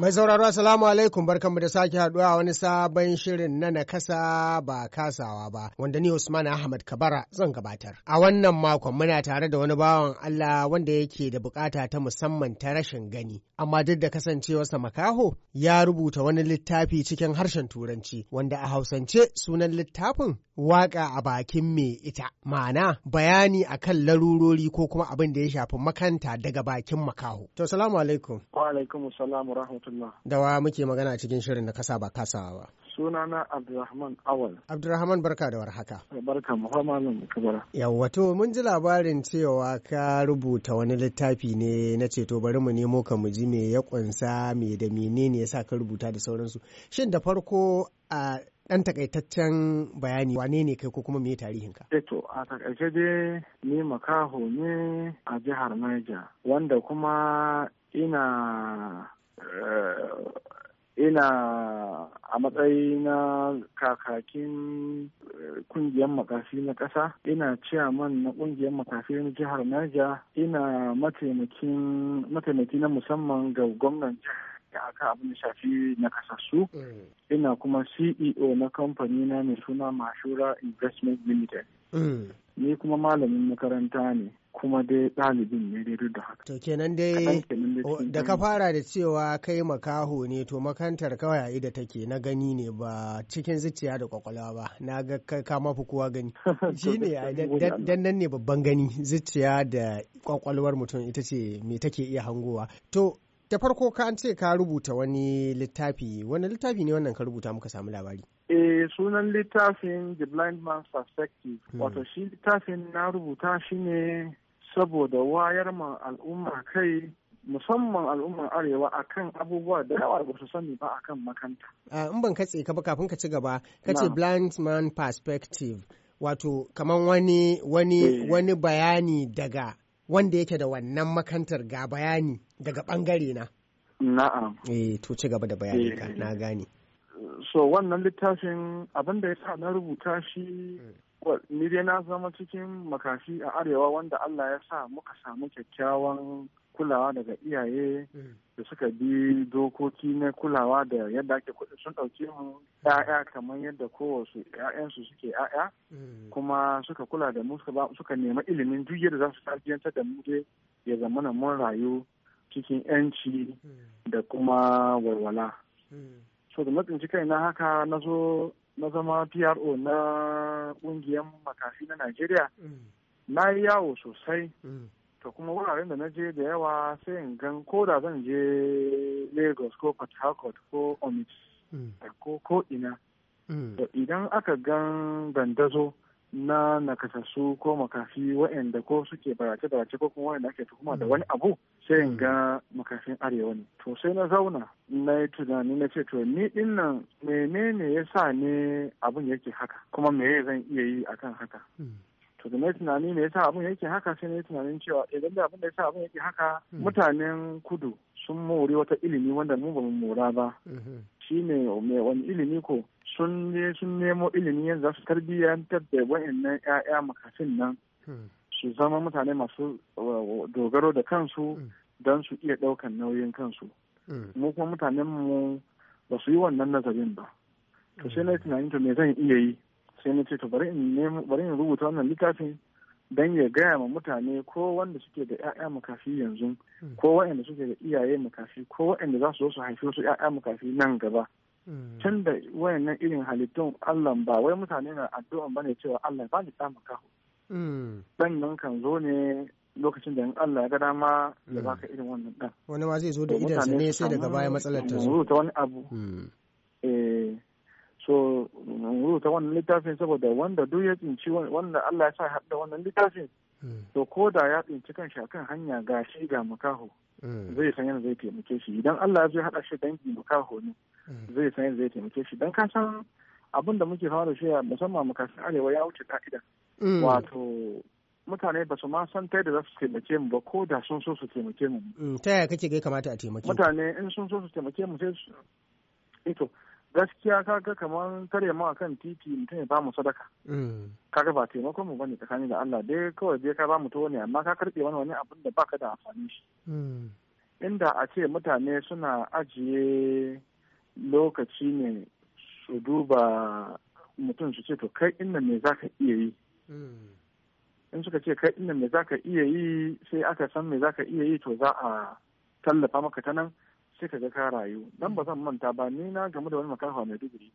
Mai sauraro Assalamu alaikum barkanmu da sake haduwa a wani sabon shirin na nakasa ba kasawa ba wanda ni Usman Ahmad Kabara zan gabatar. A wannan makon muna tare da wani bawan Allah wanda yake da bukata ta musamman ta rashin gani amma duk da kasancewarsa makaho ya rubuta wani littafi cikin harshen turanci wanda a hausance sunan littafin waka a bakin me ita ma'ana bayani akan larurori ko kuma abin da ya shafi makanta daga bakin makaho. To salamu alaikum. Wa alaikum salamu rahmatullah. Dawa muke magana cikin shirin nakasa kasa ba kasawa ba. Sunana Abdulrahman Awal. Abdulrahman barka da warhaka. Barka mu malam kabara. Yawwa to mun ji labarin cewa ka rubuta wani littafi ne na ceto bari mu nemo ka mu ji me ya kunsa me da menene yasa ka rubuta da sauransu. Shin da farko a ɗan takaitaccen bayani wane ne kai ko kuma me tarihin ka? Eh to, a takaice dai ni makaho ne a jihar Niger wanda kuma ina Eh, ina a matsayi na kakakin eh, kungiyar makafi na ƙasa ina man na kungiyar makafi na jihar Niger ina mataimaki na musamman ga gwamnan jihar da aka abin da shafi na kasassu mm. ina kuma ceo na kamfani na mai suna mashura investment limited mm. ni kuma malamin makaranta ne kuma dai ɗalibin ne da da haka. To kenan dai da ka fara da cewa kai makaho ne to makantar kawai a ida take na gani ne ba cikin zuciya da kwakwalwa ba na ga ka mafi kowa gani shi ne dan nan ne babban gani zuciya da kwakwalwar mutum ita ce me take iya hangowa to da farko ka ce ka rubuta wani littafi wani littafi ne wannan ka rubuta muka samu labari. Eh sunan littafin The Blind Man's Perspective. Hmm. Wato shi littafin na rubuta shi ne saboda wayar ma al'umma kai musamman al'ummar arewa akan abubuwa da yawa ba su sani ba akan makanta. Ah, in ban katse ka ba kafin ka ci gaba, ka ce blind man perspective wato kamar wani wani eh. wani bayani daga wanda yake da wannan makantar ga bayani daga bangare na. Na'am. Eh to ci gaba da bayani ka eh. na gane. so wannan littafin abin da ya sa na rubuta shi ni dai na zama cikin makafi a arewa wanda Allah ya sa muka samu kyakkyawan kulawa daga iyaye da suka bi dokoki na kulawa da yadda ake kudi sun ɗauki mu ya'ya kamar yadda kowace ya'yansu suke ya'ya kuma suka kula da mu suka nema ilimin duk yadda za su tarbiyyantar da mu dai ya zamana mun rayu cikin yanci da kuma walwala so da matsinci kai na haka na zo na zama PRO na kungiyar makafi na Najeriya mm. na yi yawo sosai mm. to kuma wuraren da na je da yawa sai in gan ko da zan je Lagos ko Port Harcourt ko Omis mm. ko ko ina idan aka gan dandazo na nakasassu ko makafi waɗanda ko suke barace-barace ko kuma waɗanda ake tuhuma da mm. wani abu sai in mm. ga makafin arewa ne to sai na zauna na yi tunani na ce to ni din nan menene ya sa ne abun yake haka kuma me zan iya yi akan haka mm. to da na tunani me yasa abun yake haka sai na yi tunanin cewa eh, idan da abun da yasa abun yake haka mutanen kudu sun mori wata ilimi wanda mu ba mu mora ba mm-hmm. shi ne wani ilimi ko sun je sun nemo ilimi yanzu za su tarbiyyantar da wayannan 'ya'ya makasin nan hmm. su zama mutane masu uh, dogaro da kansu hmm. don su iya ɗaukan nauyin kansu hmm. mu kuma mutanen mu ba su yi wannan nazarin ba to sai na yi tunanin to me zan iya yi sai na ce to bari in rubuta wannan littafin don ya gaya ma mutane ko wanda suke da 'ya'ya makafi yanzu hmm. ko waɗanda suke da iyaye makafi ko waɗanda za su zo su haifi wasu 'ya'ya makafi nan gaba hmm. tun da wayannan irin halittun Allah ba wai mutane na addu'an bane cewa Allah ba ni samun kahu dan hmm. nan kan zo ne lokacin da in Allah ya ga dama ya baka irin wannan ɗan wani ma zai zo da idansa ne sai daga baya matsalar ta zo ta wani abu eh so rubuta wannan littafin saboda wanda duk ya tsinci wanda Allah ya sa haɗa wannan littafin hmm. to ko da ya tsinci kan shi kan hanya ga shi ga makaho hmm. zai san yadda zai taimake shi idan Allah zai haɗa shi dangi mukaho ne hmm. zai san yadda zai taimake shi dan ka san abin da muke fama da shi musamman kasan arewa ya wuce ka'ida wato mutane ba su ma san ta yadda za su taimake mu ba ko da sun so su taimake mu ta yaya kake ga kamata a taimake mutane in sun so su taimake mu sai su ito gaskiya kaga kamar tare ma kan titi mutum ya bamu sadaka mm. kaga ba taimakon mu bane tsakani da Allah dai kawai dai ka bamu to ne amma ka karbe wani wani abin da baka da amfani shi mm. inda a ce mutane suna ajiye lokaci ne su duba mutum su ce to kai inda me zaka iya yi mm. in suka ce kai inda me zaka iya yi sai aka san me zaka iya yi to za a tallafa maka ta nan sai ka ga ka rayu dan ba zan mm. manta ba ni na game da wani makarfa mai digiri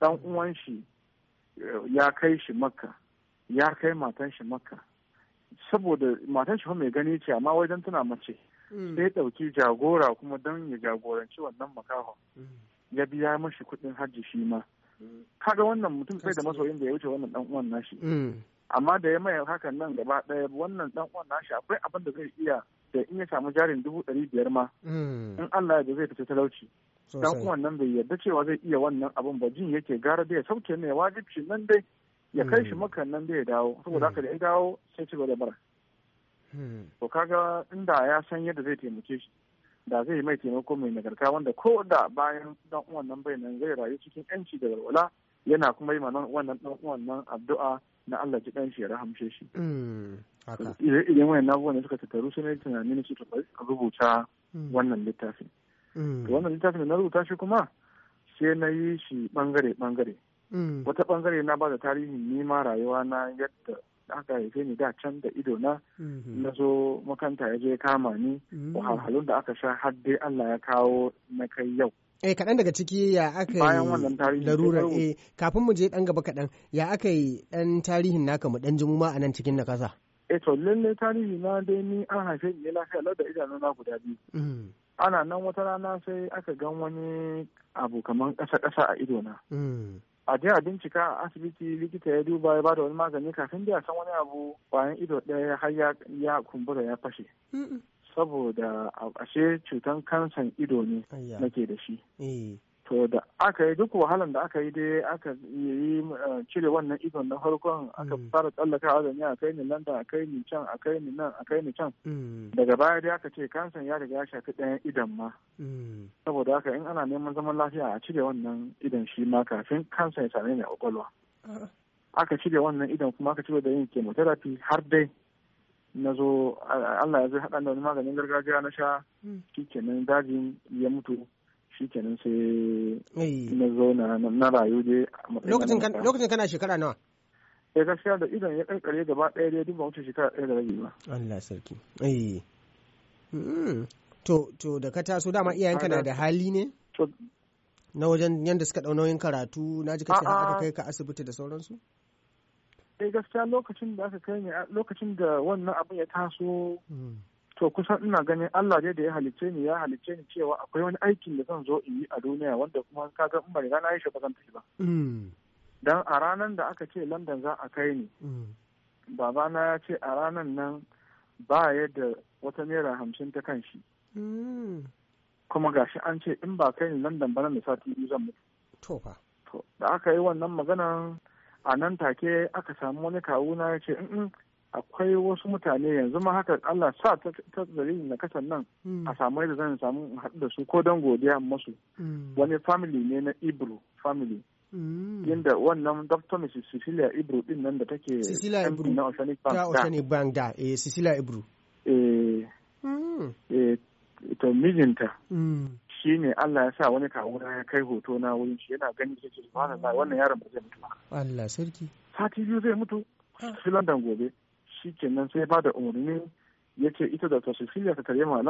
dan uwan shi eh, ya kai shi makka ya kai matan shi makka saboda matan shi mai gani ce amma wajen tana mace mm. sai ya dauki jagora kuma dan ya jagoranci wannan makarfa mm. ya biya mashi kudin hajji shi ma kaga wannan mutum sai da masoyin da ya wuce wannan dan uwan nashi amma da ya mai hakan nan gaba daya wannan dan uwan nashi akwai abin da zai iya da in ya samu jarin dubu ɗari biyar ma hmm. in Allah ya zai fita talauci dan kuma nan bai yarda cewa zai iya wannan abun ba jin yake gara da ya sauke ne wajibci nan dai ya kai shi hmm. makan nan da ya dawo saboda haka da ya hmm. dawo sai ci da bara to kaga inda ya san yadda zai taimake shi da zai yi mai taimako mai nagarta wanda ko da bayan dan uwan nan bai nan zai rayu cikin yanci da walwala yana kuma yi wannan dan uwan nan addu'a na Allah ji dan shi ya rahamshe shi idan na abubuwan da suka tattaru sai na yi tunanin su rubuta hmm. wannan littafin hmm. to wannan littafin da na rubuta shi kuma sai na yi shi bangare bangare hmm. wata bangare na ba da tarihin nima rayuwa na yadda aka haife ni da can da ido na na zo makanta ya je kama ni wahalhalun da aka sha har dai Allah ya kawo na kai yau eh kaɗan daga ciki ya aka yi larurar eh kafin mu je ɗan gaba kaɗan ya aka yi ɗan tarihin naka mu ɗan jimu ma a nan cikin na kasa Eh, to lallai tarihi na dai ni an haife ni lafiya lauda da idanu na guda biyu mm. ana nan wata rana sai aka gan wani abu kamar kasa kasa a ido na mm. a je a bincika a asibiti likita ya duba ya bada wani magani kafin da san wani abu bayan ido ɗaya har ya kumbura ya fashe saboda a ashe cutan kansan ido ne nake da shi eh. to da aka yi duk wahalan da aka yi dai aka yi eh, cire wannan idon na farkon aka mm. fara tsallakawa da ni a kai ni da a kai ni can a kai ni nan a kai ni can mm. daga baya dai aka ce kansan ya riga ya shafi ɗayan idon ma mm. saboda haka in ana neman zaman lafiya a cire wannan idon shi ma kafin kansan ya same ni a kwakwalwa ah. aka cire wannan idon kuma aka cire da yin chemotherapy har dai na zo Allah ya zai haɗa da wani maganin gargajiya na sha shi kenan dajin ya mutu shi kenan sai na zo na rayu je lokacin kana shekara nawa Eh, gaskiya da idan ya kankare gaba ɗaya dai duk ba wuce shekara ɗaya da rabi ba Allah sarki eh to to da ka taso dama iyayenka na da hali ne na wajen yadda suka ɗau nauyin karatu na ji kace aka kai ka asibiti da sauransu eh gaskiya lokacin da aka kai ne lokacin da wannan abin ya taso hmm. to kusan ina ganin Allah dai da ya halicce ni ya halicce ni cewa akwai wani aikin da zan zo in yi a duniya wanda kuma ka ga in ban riga na yi shi ba zan tafi ba mm. dan a ranar da aka ce London za a kai ni mm. babana ya ce a ranar nan ba da wata naira hamsin ta kan shi mm. kuma gashi an ce in ba kai ni London ba nan da sati biyu zan mutu to fa da aka yi wannan maganan a nan take aka samu wani kawuna ya ce akwai wasu mutane yanzu ma haka Allah sa ta dalilin na kasan nan hmm. a samu yadda zan samu haɗu da su ko don godiya masu hmm. wani family ne na Ibro family hmm. yadda wannan Dr. Mrs. Cecilia Ibro din nan da take Cecilia na Oceanic Bank ta Oceanic Bank da eh Cecilia Ibro eh eh to mijinta shi ne Allah ya sa wani kawo ya kai hoto na wurin shi yana gani sai ke subhanallah wannan yaron ba zai mutu ba Allah sarki sati biyu zai mutu ah. shi London gobe shi kenan sai ba da umarni ya ce ita da ta shirya ta kare ma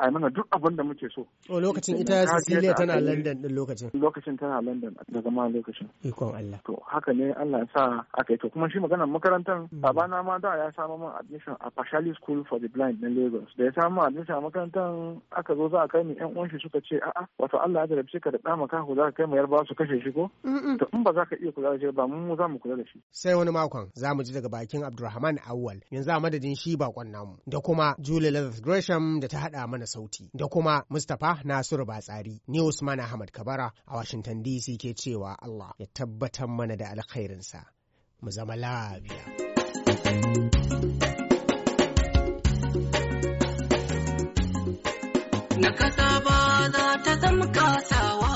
a yi mana duk abin da muke so. O oh, lokacin ita Cecilia tana London din lokacin. Lokacin tana London da zama lokacin. Ikon Allah. To haka ne Allah sa aka yi to kuma shi magana makarantar hmm. babana ma da ya samu min admission a Pashali School for the Blind na Lagos. Da ya samu admission a makarantar aka zo za a kai ni yan uwan shi suka ce a'a wato Allah ya jarabce ka da ɗa maka ku za ka kai mu yarba su kashe shi ko? To in ba za ka iya kula da shi ba mu za mu kula da shi. Sai wani makon za mu ji daga bakin Abdulrahman Awwal yanzu a madadin shi bakon namu da kuma Julie Lazarus Gresham da ta haɗa mana sauti da kuma Mustapha Nasiru Batsari ni Usman Ahmad Kabara a Washington DC ke cewa Allah ya tabbatar mana da alkhairinsa mu zama lafiya. Na kasa ba za ta zama kasawa.